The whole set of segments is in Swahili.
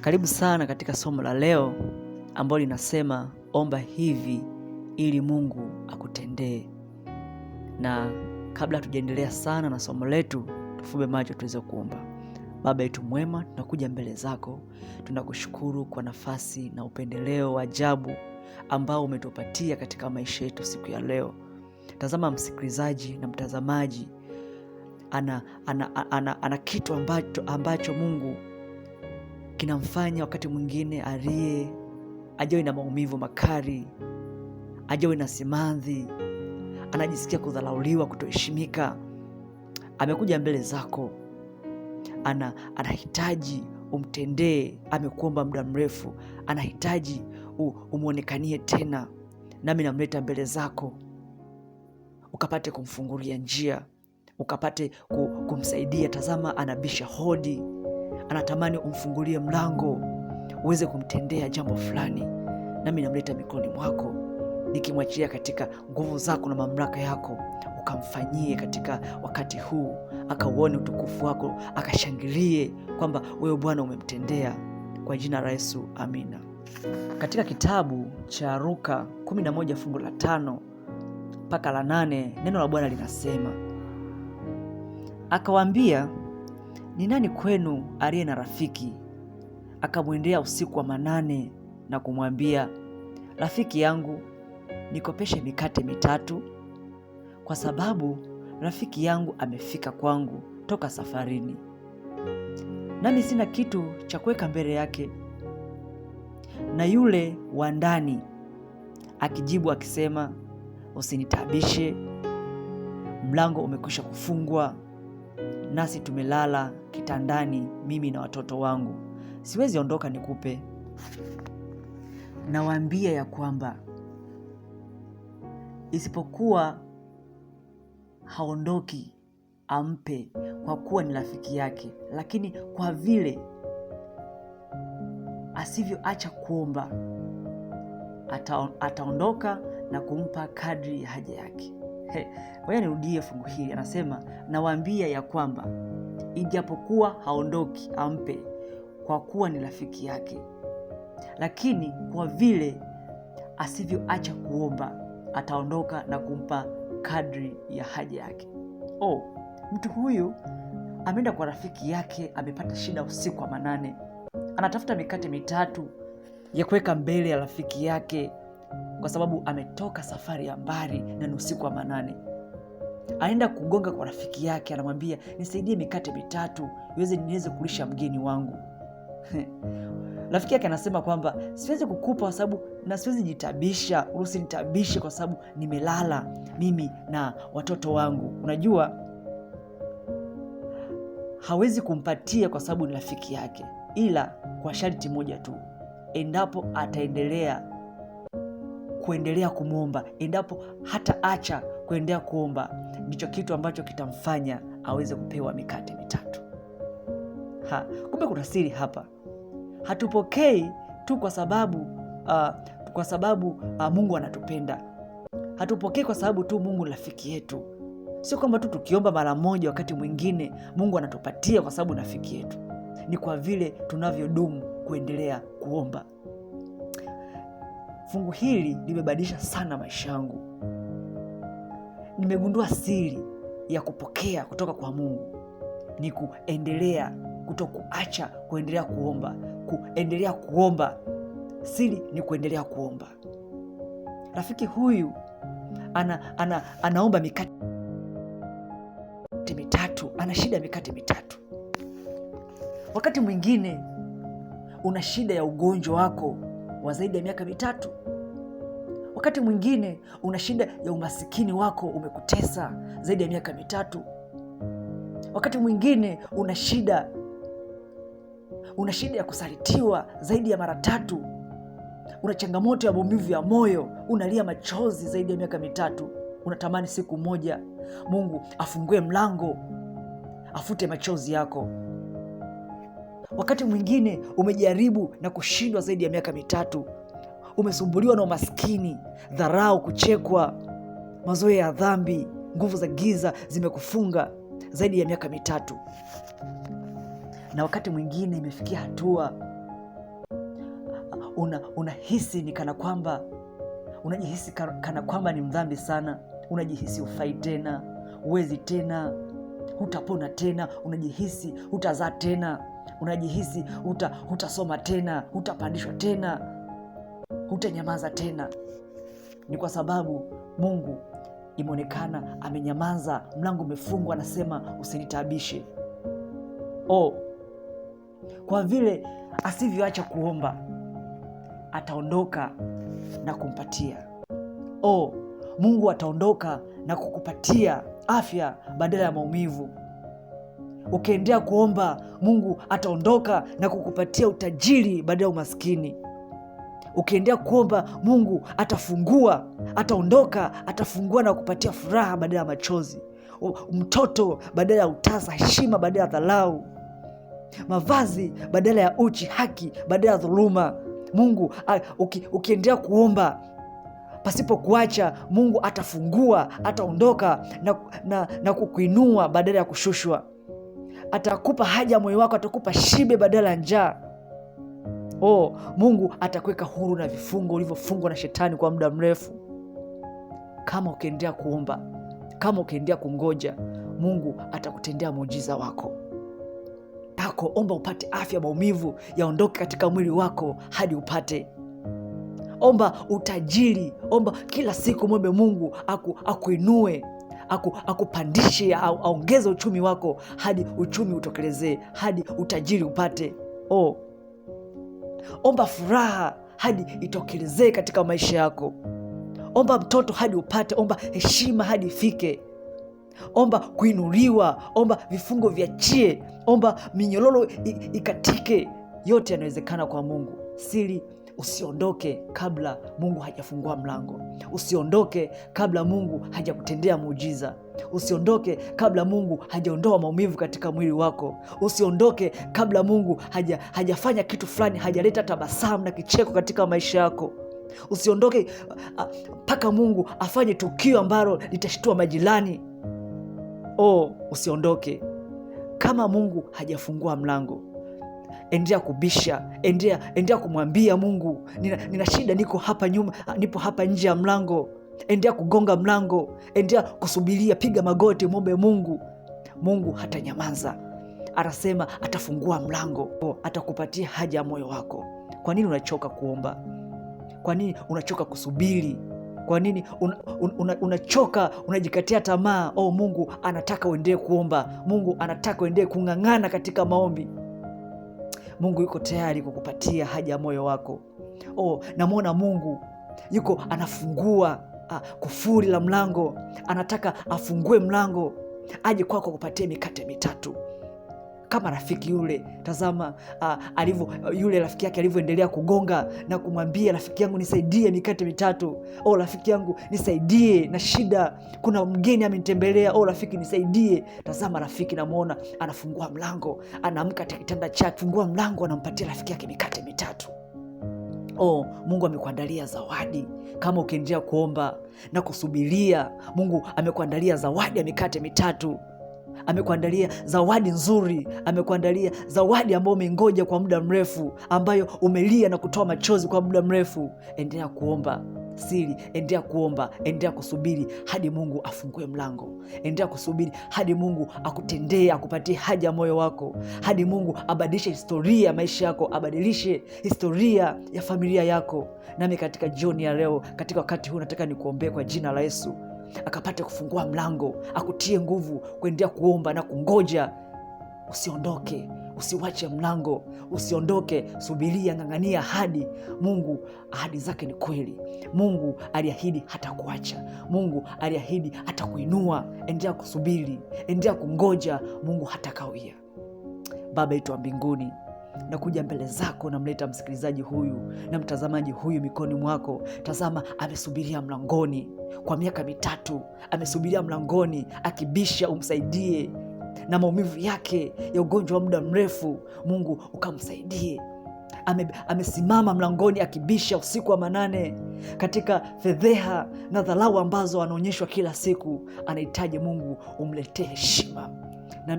Karibu sana katika somo la leo ambalo linasema omba hivi ili Mungu akutendee. Na kabla hatujaendelea sana na somo letu Tufumbe macho tuweze kuomba. Baba yetu mwema, tunakuja mbele zako, tunakushukuru kwa nafasi na upendeleo wa ajabu ambao umetupatia katika maisha yetu siku ya leo. Tazama msikilizaji na mtazamaji ana, ana, ana, ana, ana kitu ambacho, ambacho Mungu kinamfanya wakati mwingine aliye ajawe na maumivu makali, ajawe na simanzi, anajisikia kudhalauliwa, kutoheshimika amekuja mbele zako, ana anahitaji umtendee, amekuomba muda mrefu, anahitaji umwonekanie tena, nami namleta mbele zako, ukapate kumfungulia njia, ukapate kumsaidia. Tazama, anabisha hodi, anatamani umfungulie mlango, uweze kumtendea jambo fulani, nami namleta mikononi mwako nikimwachia katika nguvu zako na mamlaka yako, ukamfanyie katika wakati huu, akauone utukufu wako, akashangilie kwamba wewe Bwana umemtendea. Kwa jina la Yesu, amina. Katika kitabu cha ruka 11 fungu la tano mpaka la nane neno la Bwana linasema, akawaambia, ni nani kwenu aliye na rafiki akamwendea usiku wa manane na kumwambia, rafiki yangu nikopeshe mikate mitatu, kwa sababu rafiki yangu amefika kwangu toka safarini, nami sina kitu cha kuweka mbele yake. Na yule wa ndani akijibu akisema, usinitabishe, mlango umekwisha kufungwa, nasi tumelala kitandani, mimi na watoto wangu, siwezi ondoka nikupe. Nawaambia ya kwamba isipokuwa haondoki ampe kwa kuwa ni rafiki yake, lakini kwa vile asivyoacha kuomba ata, ataondoka na kumpa kadri ya haja yake. Wewe nirudie fungu hili, anasema nawaambia ya kwamba ijapokuwa haondoki ampe kwa kuwa ni rafiki yake, lakini kwa vile asivyoacha kuomba ataondoka na kumpa kadri ya haja yake. Oh, mtu huyu ameenda kwa rafiki yake, amepata shida usiku wa manane, anatafuta mikate mitatu ya kuweka mbele ya rafiki yake kwa sababu ametoka safari ya mbali na ni usiku wa manane. Anaenda kugonga kwa rafiki yake, anamwambia nisaidie mikate mitatu iweze niweze kulisha mgeni wangu. rafiki yake anasema kwamba siwezi kukupa kwa sababu na siwezi jitabisha, usinitabishe kwa sababu nimelala mimi na watoto wangu. Unajua hawezi kumpatia kwa sababu ni rafiki yake, ila kwa sharti moja tu, endapo ataendelea kuendelea kumwomba, endapo hata acha kuendelea kuomba, ndicho kitu ambacho kitamfanya aweze kupewa mikate mitatu. Ha, kumbe kuna siri hapa. Hatupokei tu kwa sababu, uh, kwa sababu uh, Mungu anatupenda. Hatupokei kwa sababu tu Mungu rafiki yetu. Sio kwamba tu tukiomba mara moja, wakati mwingine Mungu anatupatia kwa sababu rafiki yetu. Ni kwa vile tunavyodumu kuendelea kuomba. Fungu hili limebadilisha sana maisha yangu. Nimegundua siri ya kupokea kutoka kwa Mungu ni kuendelea kutokuacha kuendelea kuomba, kuendelea kuomba. Siri ni kuendelea kuomba. Rafiki huyu ana, ana, anaomba mikate mitatu, ana shida ya mikate mitatu. Wakati mwingine una shida ya ugonjwa wako wa zaidi ya miaka mitatu. Wakati mwingine una shida ya umasikini wako umekutesa zaidi ya miaka mitatu. Wakati mwingine una shida una shida ya kusalitiwa zaidi ya mara tatu, una changamoto ya maumivu ya moyo, unalia machozi zaidi ya miaka mitatu, unatamani siku moja Mungu afungue mlango, afute machozi yako. Wakati mwingine umejaribu na kushindwa zaidi ya miaka mitatu, umesumbuliwa na umaskini, dharau, kuchekwa, mazoea ya dhambi, nguvu za giza zimekufunga zaidi ya miaka mitatu na wakati mwingine imefikia hatua una, unahisi ni kana kwamba unajihisi kana kwamba ni mdhambi sana, unajihisi ufai tena, uwezi tena, hutapona tena, unajihisi hutazaa tena, unajihisi hutasoma huta tena, hutapandishwa tena, hutanyamaza tena. Ni kwa sababu Mungu imeonekana amenyamaza, mlango umefungwa, anasema usinitaabishe. Oh, kwa vile asivyoacha kuomba, ataondoka na kumpatia o, Mungu ataondoka na kukupatia afya badala ya maumivu. ukiendea kuomba, Mungu ataondoka na kukupatia utajiri badala ya umaskini. ukiendea kuomba, Mungu atafungua, ataondoka, atafungua na kupatia furaha badala ya machozi, mtoto badala ya utasa, heshima badala ya dhalau mavazi badala ya uchi, haki badala ya dhuluma. Mungu uki, ukiendelea kuomba pasipo kuacha, Mungu atafungua, ataondoka na, na, na kukuinua badala ya kushushwa. Atakupa haja moyo wako, atakupa shibe badala ya njaa. Oh, Mungu atakuweka huru na vifungo ulivyofungwa na shetani kwa muda mrefu, kama ukiendelea kuomba, kama ukiendelea kungoja, Mungu atakutendea muujiza wako yako, omba upate afya. Maumivu yaondoke katika mwili wako hadi upate omba utajiri, omba kila siku, mwombe Mungu aku, akuinue aku, akupandishe, aongeze uchumi wako hadi uchumi utokelezee, hadi utajiri upate. Oh, omba furaha hadi itokelezee katika maisha yako. Omba mtoto hadi upate, omba heshima hadi ifike omba kuinuliwa, omba vifungo viachie, omba minyololo ikatike. Yote yanawezekana kwa Mungu. Siri, usiondoke kabla Mungu hajafungua mlango. Usiondoke kabla Mungu hajakutendea muujiza. Usiondoke kabla Mungu hajaondoa maumivu katika mwili wako. Usiondoke kabla Mungu haja, hajafanya kitu fulani, hajaleta tabasamu na kicheko katika maisha yako. Usiondoke mpaka Mungu afanye tukio ambalo litashitua majirani. O, oh, usiondoke kama Mungu hajafungua mlango. endea kubisha, endea endea kumwambia Mungu, nina, nina shida, niko hapa nyuma, nipo hapa nje ya mlango. endea kugonga mlango, endea kusubiria, piga magoti, mwombe Mungu. Mungu hatanyamaza, anasema atafungua mlango, atakupatia haja ya moyo wako. Kwa nini unachoka kuomba? Kwa nini unachoka kusubiri? Kwa nini unachoka? un, un, una unajikatia tamaa? Oh, Mungu anataka uendee kuomba. Mungu anataka uendee kung'ang'ana katika maombi. Mungu yuko tayari kukupatia haja ya moyo wako. Oh, namwona Mungu yuko anafungua ah, kufuri la mlango, anataka afungue mlango aje kwako kupatia mikate mitatu kama rafiki yule. Tazama uh, alivyo yule rafiki yake alivyoendelea kugonga na kumwambia, rafiki yangu nisaidie mikate mitatu. O rafiki yangu nisaidie na shida, kuna mgeni amenitembelea. O rafiki nisaidie. Tazama rafiki namwona anafungua mlango, anaamka katika kitanda chake, fungua mlango, anampatia rafiki yake mikate mitatu. Oh, Mungu amekuandalia zawadi kama ukiendelea kuomba na kusubiria. Mungu amekuandalia zawadi ya mikate mitatu amekuandalia zawadi nzuri, amekuandalia zawadi ambayo umeingoja kwa muda mrefu, ambayo umelia na kutoa machozi kwa muda mrefu. Endelea kuomba siri, endelea kuomba, endelea kusubiri hadi Mungu afungue mlango, endelea kusubiri hadi Mungu akutendee, akupatie haja ya moyo wako, hadi Mungu abadilishe historia ya maisha yako, abadilishe historia ya familia yako. Nami katika jioni ya leo, katika wakati huu, nataka nikuombee kwa jina la Yesu akapate kufungua mlango, akutie nguvu kuendelea kuomba na kungoja. Usiondoke, usiwache mlango, usiondoke. Subiria, ng'ang'ania ahadi. Mungu ahadi zake ni kweli. Mungu aliahidi hatakuacha. Mungu aliahidi kuinua Endelea kusubiri, endelea kungoja. Mungu hatakawia. Baba yetu wa mbinguni nakuja mbele zako, namleta msikilizaji huyu na mtazamaji huyu mikoni mwako. Tazama, amesubiria mlangoni kwa miaka mitatu, amesubiria mlangoni akibisha, umsaidie na maumivu yake ya ugonjwa wa muda mrefu, Mungu ukamsaidie. Ame, amesimama mlangoni akibisha usiku wa manane, katika fedheha na dharau ambazo anaonyeshwa kila siku, anahitaji Mungu umletee heshima na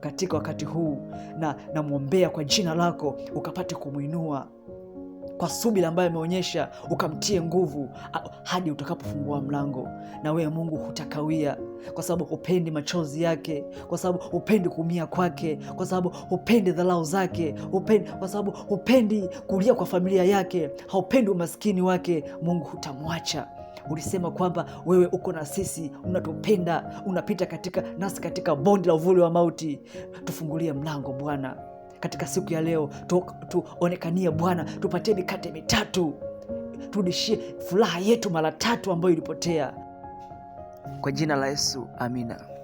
katika wakati huu, na namwombea kwa jina lako ukapate kumwinua kwa subira ambayo ameonyesha, ukamtie nguvu hadi utakapofungua mlango. Na wewe Mungu hutakawia, kwa sababu hupendi machozi yake, kwa sababu hupendi kuumia kwake, kwa sababu hupendi dharau zake, hupendi, kwa sababu hupendi kulia kwa familia yake, haupendi umaskini wake. Mungu hutamwacha ulisema kwamba wewe uko na sisi, unatupenda, unapita katika nasi katika bonde la uvuli wa mauti. Tufungulie mlango Bwana katika siku ya leo, tuonekanie tu Bwana, tupatie mikate mitatu, turudishie furaha yetu mara tatu ambayo ilipotea, kwa jina la Yesu, amina.